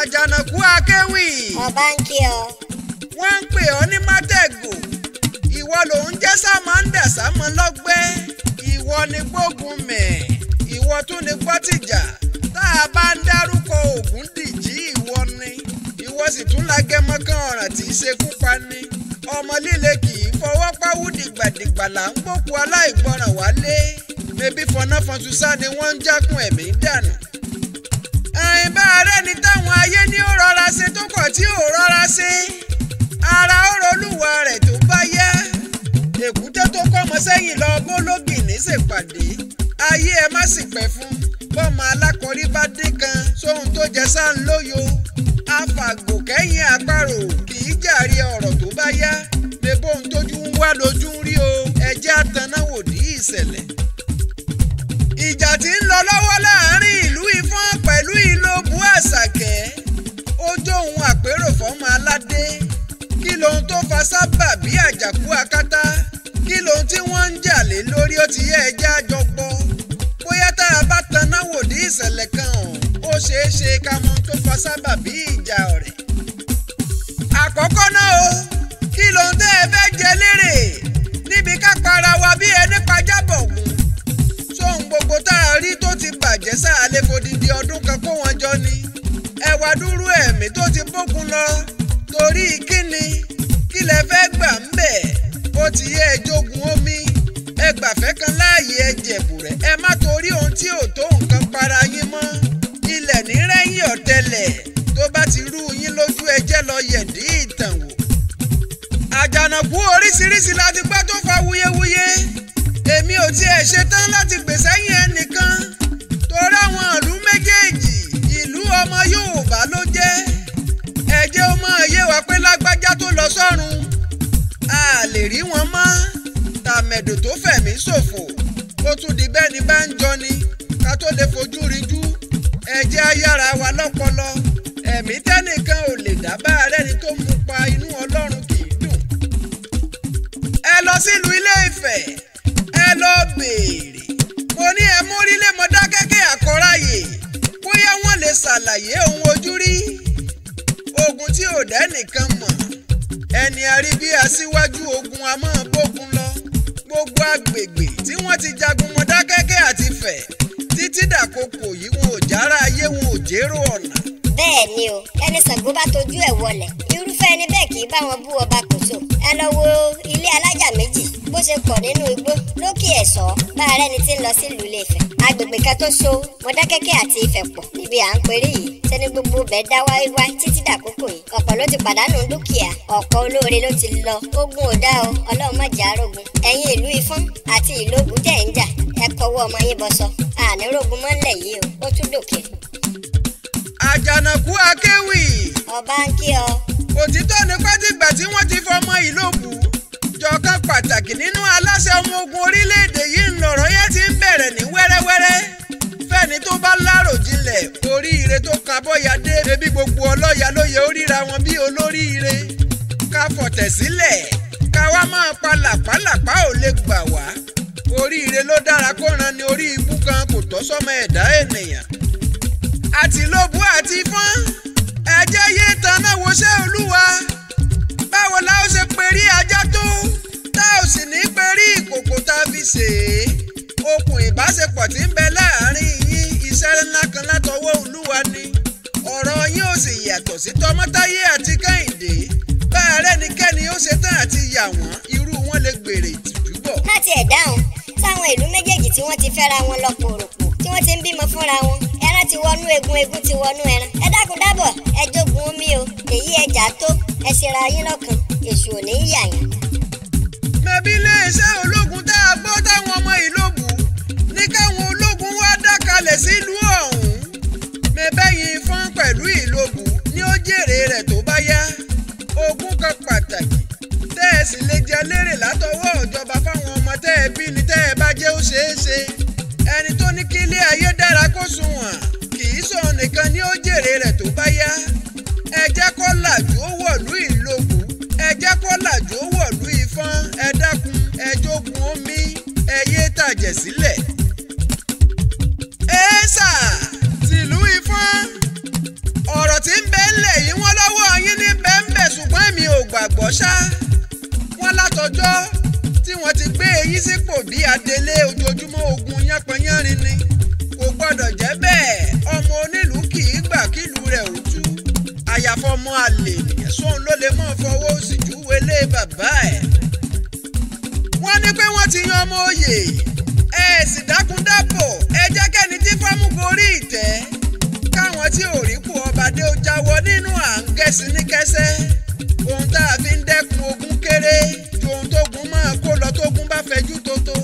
àjànàkú akéwì. bàbá ń kí ọ. wọ́n ń pè ọ́ ní mátẹ̀gò ìwọ lòún jẹ́ sámọ́ńdà sámọ́lọ́gbẹ́ ìwọ ni gbógun mẹ̀ ìwọ tún ni gbọ́tìjà tá a bá ń dárúkọ Ògúndìjí ìwọ ni ìwọ sì tún lágẹmọ́kàn ọ̀ràn tí í ṣekú pa ni ọmọ líle kì í fọwọ́ páwú dìgbàdìgbà là ń gbókù aláìgbọràn wálé mebí fọnáfọnṣuṣá ni wọ́n ń jákun ẹ̀mí dànù tí ò rọra sí ara ó rolúwa rẹ̀ tó bá yá èkúté tó kọ́mọ sẹ́yìn lọ bólógì ní ṣèpàdé ayé ẹ má sì pẹ́ fún bọ́mọ alákọ̀ọ́rí bá dín kan sóhun tó jẹ sáà ń lóyo afàgò kẹ́yìn àparò kì í jàre ọ̀rọ̀ tó bá yá bebo ohun tójú ń wá lójú rí o ẹjẹ́ àtanáwò dí ìṣẹ̀lẹ̀. ìjà tí ń lọ lọ́wọ́ láàárín ìlú Ifọ̀n pẹ̀lú Ìlóbù Àṣàkẹ́ ohun àpérò fọ́mọ aládé kí lohun tó fa sábà bí àjàkú akátá kí lohun tí wọ́n ń jà lé lórí ó ti yẹ ẹja jọ gbọ́ bóyá tá a bá taná wò ní ìṣẹ̀lẹ̀ kan hàn ó ṣeé ṣe ká mọ tó fa sábà bí ìjà ọ̀rẹ́. àkọ́kọ́ náà o kí lohun tẹ́ ẹ fẹ́ jẹ lérè níbi ká para wa bí ẹni pajábọ̀ wù sóhun gbogbo tá a rí tó ti bàjẹ́ sáà lè fòdìdí ọdún kan kó wọn jọ ni wá dúró ẹ̀mí tó ti bókun lọ torí kíni kí lẹ fẹ́ gbà ń bẹ̀ ó ti yẹ ẹ jogun omi ẹ gbàfẹ́ kan láàyè ẹ jẹ̀bùrẹ́ ẹ má torí ohun tí ò tó nǹkan para yín mọ́ ilẹ̀ nírẹ́yìn ọ̀tẹlẹ̀ tó bá ti rú yín lójú ẹjẹ́ lọ yẹ̀dí ìtàn wò àjànàkú oríṣiríṣi láti tó fẹ̀mí ṣòfò kó tún di bẹ́ẹ̀ ni bá ń jọni ká tó lè fojú rinjú ẹ̀jẹ̀ ayára wa lọ́pọlọ ẹ̀mí tẹ́nìkan ò lè dá bá rẹ́ni tó mú pa inú ọlọ́run kì í dùn. ẹ lọ sílùú ilé Ifẹ̀ ẹ lọ béèrè mo ní ẹ mú orílẹ̀ Mọdákẹ́kẹ́ àkọ́ráyè bóyá wọ́n lè ṣàlàyé ohun ojú rí ogun tí ò dẹ́ nìkan wọ́n ti jagun Mọdákẹ́kẹ́ àti Ifẹ̀ títí dàkókò yìí wọn ò jára ayé wọn ò jérò ọ̀nà. bẹ́ẹ̀ ni o ẹni Ṣàngó bá tojú ẹ̀ wọlẹ̀ irúfẹ́ ẹni bẹ́ẹ̀ kì í bá wọn bú ọba kòso ẹ lọ wo ilé alájà méjì bó ṣe pọ̀ nínú igbó lókè ẹ̀sọ́ bá ara ẹni tí ń lọ sílùú Ilé-Ifẹ̀ agbègbè kan tó so Mọdákẹ́kẹ́ àti Ifẹ̀ pọ̀ níbi à ń perí yìí sẹ́ni gbogbo bẹ́ẹ̀ dá wáíwá títí dàkókò yìí ọ̀pọ̀ ló ti pàdánù dúkìá ọ̀pọ̀ olóore ló ti lọ ogun ò o Ọlọ́run má arógun ẹ̀yin ìlú Ifọ̀n àti ìlú Ògùn tẹ̀ ń jà ẹ pàtàkì nínú aláṣẹ ọmọ ogun orílẹ̀-èdè yìí ńlọ̀rọ̀ yẹn ti ń bẹ̀rẹ̀ ní wẹ́rẹ́wẹ́rẹ́ fẹ́ni tó bá láròjinlẹ̀ oríire tó kan bọ́yadé bébí gbogbo ọlọ́yà lóye ó ríra wọn bí olóríire ká fọ̀tẹ̀ sílẹ̀ ká wá máa pa làpálàpá ò lè gbà wá oríire ló dára kó ran ni orí ibú kan kò tọ́ sọ́mọ ẹ̀dá ènìyàn àtìlóbù àti fọ́n ẹ̀jẹ̀ yé taná woṣẹ́ ìbáṣepọ̀ tí ń bẹ láàrin yín iṣẹ́ ńlá kan látọwọ́ olúwa ni ọ̀rọ̀ yín ò sì yàtọ̀ sí tọmọtáyé àti kẹ́hìndé bá arẹ́nikẹ́ni ó ṣetán àti yà wọ́n irú wọn lè gbèrè ìtìjú bọ̀. má tiẹ̀ dáhùn sáwọn ìlú méjèèjì tí wọ́n ti fẹ́ra wọn lọ pòròpò tí wọ́n ti ń bímọ fúnra wọn ẹran ti wọnú egun egun ti wọnú ẹran ẹ dákun dábọ̀ ẹ jogun omi o èyí ẹjà tó ẹ ṣera yín lọ́kàn èṣù ò ní í ní kí ilé ayé dára kó sunwọ̀n kì í sọ nìkan ni ó jèrè rẹ̀ tó bá yá ẹ jẹ́ kó làjú ó wọ̀lú ìlòkù ẹ jẹ́ kó làjú ó wọ̀lú ìfọ́n ẹ dákun ẹ jogun omi ẹ yé tàjẹ̀ sílẹ̀. èèṣà tìlú ìfọ́n ọ̀rọ̀ tí ń bẹ ńlẹ̀ yìí wọ́n lọ́wọ́ yín ní bẹ́ńbẹ̀ ṣùgbọ́n mi ò gbàgbọ́ ṣá wọ́n látọjọ́ tí wọ́n ti gbé eyín sípò bí adelé ojoojúmọ́ ogun yánpọnyán báyìí. wọ́n ní pé wọ́n ti yan ọmọ oyè ẹ sì dákúndábọ̀ ẹ jẹ́ kẹ́ni tí fámú gorí ìtẹ́ káwọn tí ò rí kù ọbàdé ó jáwọ́ nínú à ń gẹ̀sí ní kẹsẹ́ ohun tá a fi ń dẹ́kun ogun kéré ju ohun tógun máa kó lọ tógun bá fẹjú tótó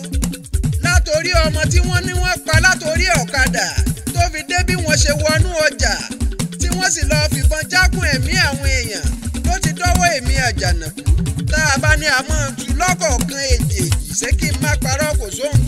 látòrí ọmọ tí wọ́n ní wọ́n pa látòrí ọ̀kadà tó fi dé bí wọ́n ṣe wọnú ọjà tí wọ́n sì lọ́ọ́ fìbọn jákun ẹ̀mí àwọn èèyàn ló ti dọ́wọ́ èmi àjànàkú tá a bá ní àmọ́ kí lọ́kọ̀ọ̀kan èjèèjì ṣé kí n má parọ́ kò sóhun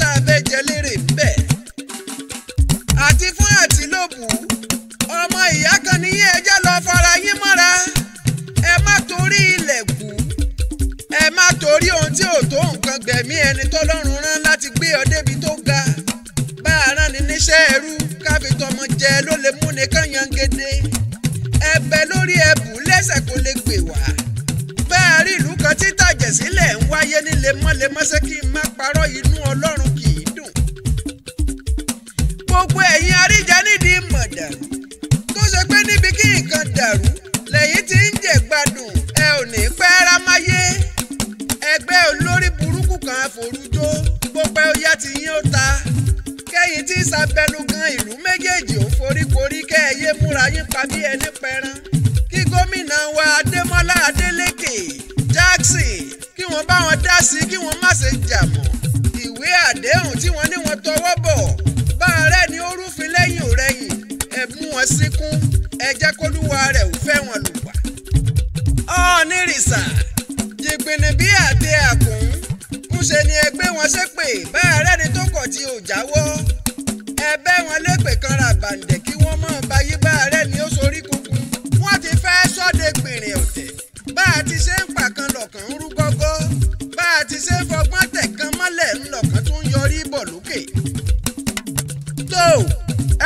mole, mas é que kí wọ́n bá wọn dá sí kí wọ́n má ṣe jà mọ́ ìwé àdéhùn tí wọ́n ní wọ́n tọwọ́ bọ̀ bá ààrẹ ni ó rúfin lẹ́yìn òrẹ́yìn ẹ mú wọn síkún ẹ jẹ́ kólúwa rẹ̀ ò fẹ́ wọn lù wá. ọ̀ọ́nìrìsà jìgbìnì bí àti àkùn ń ṣe ni ẹ gbé wọn ṣépè bá ààrẹ ni tó kọ̀ tí ò jáwọ́ ẹ wọn lépè kan bàǹdẹ̀ kí wọ́n mọ̀ báyé bá ààrẹ ni ó sorí kunkun wọ́n ti fẹ́ sọ́dẹ̀ gbìnrín ọ̀tẹ̀ a ti ṣe ń pàkan lọ̀kàn ń rú gọ́gọ́ bá a ti ṣe ń fọgbọ́n tẹ̀kan mọ́lẹ̀ ń lọ̀kàn tó ń yọrí bọ̀ lókè. tó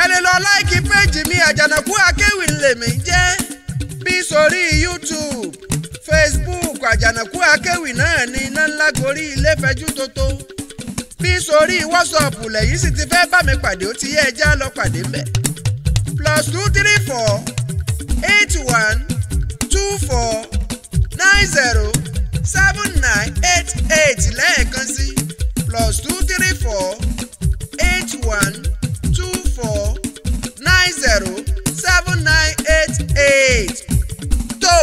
ẹ lè lọ láìkí péjì mi àjànàkú akéwì lèmi jẹ́ bí sórí YouTube Facebook àjànàkú akéwì náà ní iná ńlá gorí ilé fẹjú tótó bí sórí WhatsApp lẹ́yìn sì ti fẹ́ bá mi pàdé ó ti yẹ ẹja lọ pàdé mbẹ̀ plus two three four eight one two four nine zero seven nine eight eight lẹ́ẹ̀kan sí plus two three four eight one two four nine zero seven nine eight eight tó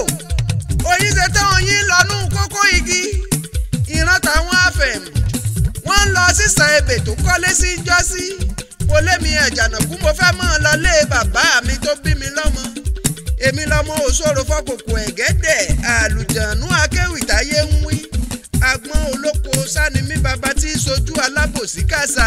oníṣẹ́ táwọn yín lọ́nù kókó igi ìran táwọn afẹ́m wọ́n ń lọ sísan ebè tó kọ́lé sí jọ́sí mo lémi ẹ̀jànàkú mo fẹ́ mọ́ ọ lọ lé bàbá mi tó bí mi lọ́mọ èmi lọ́mọ òṣòro fọkòkò ẹ̀gẹ́ bẹ́ẹ̀ àlùjànú akéwì táyé ń wí agbọ́n olóko sanimi baba tí sojú alábòsí kásá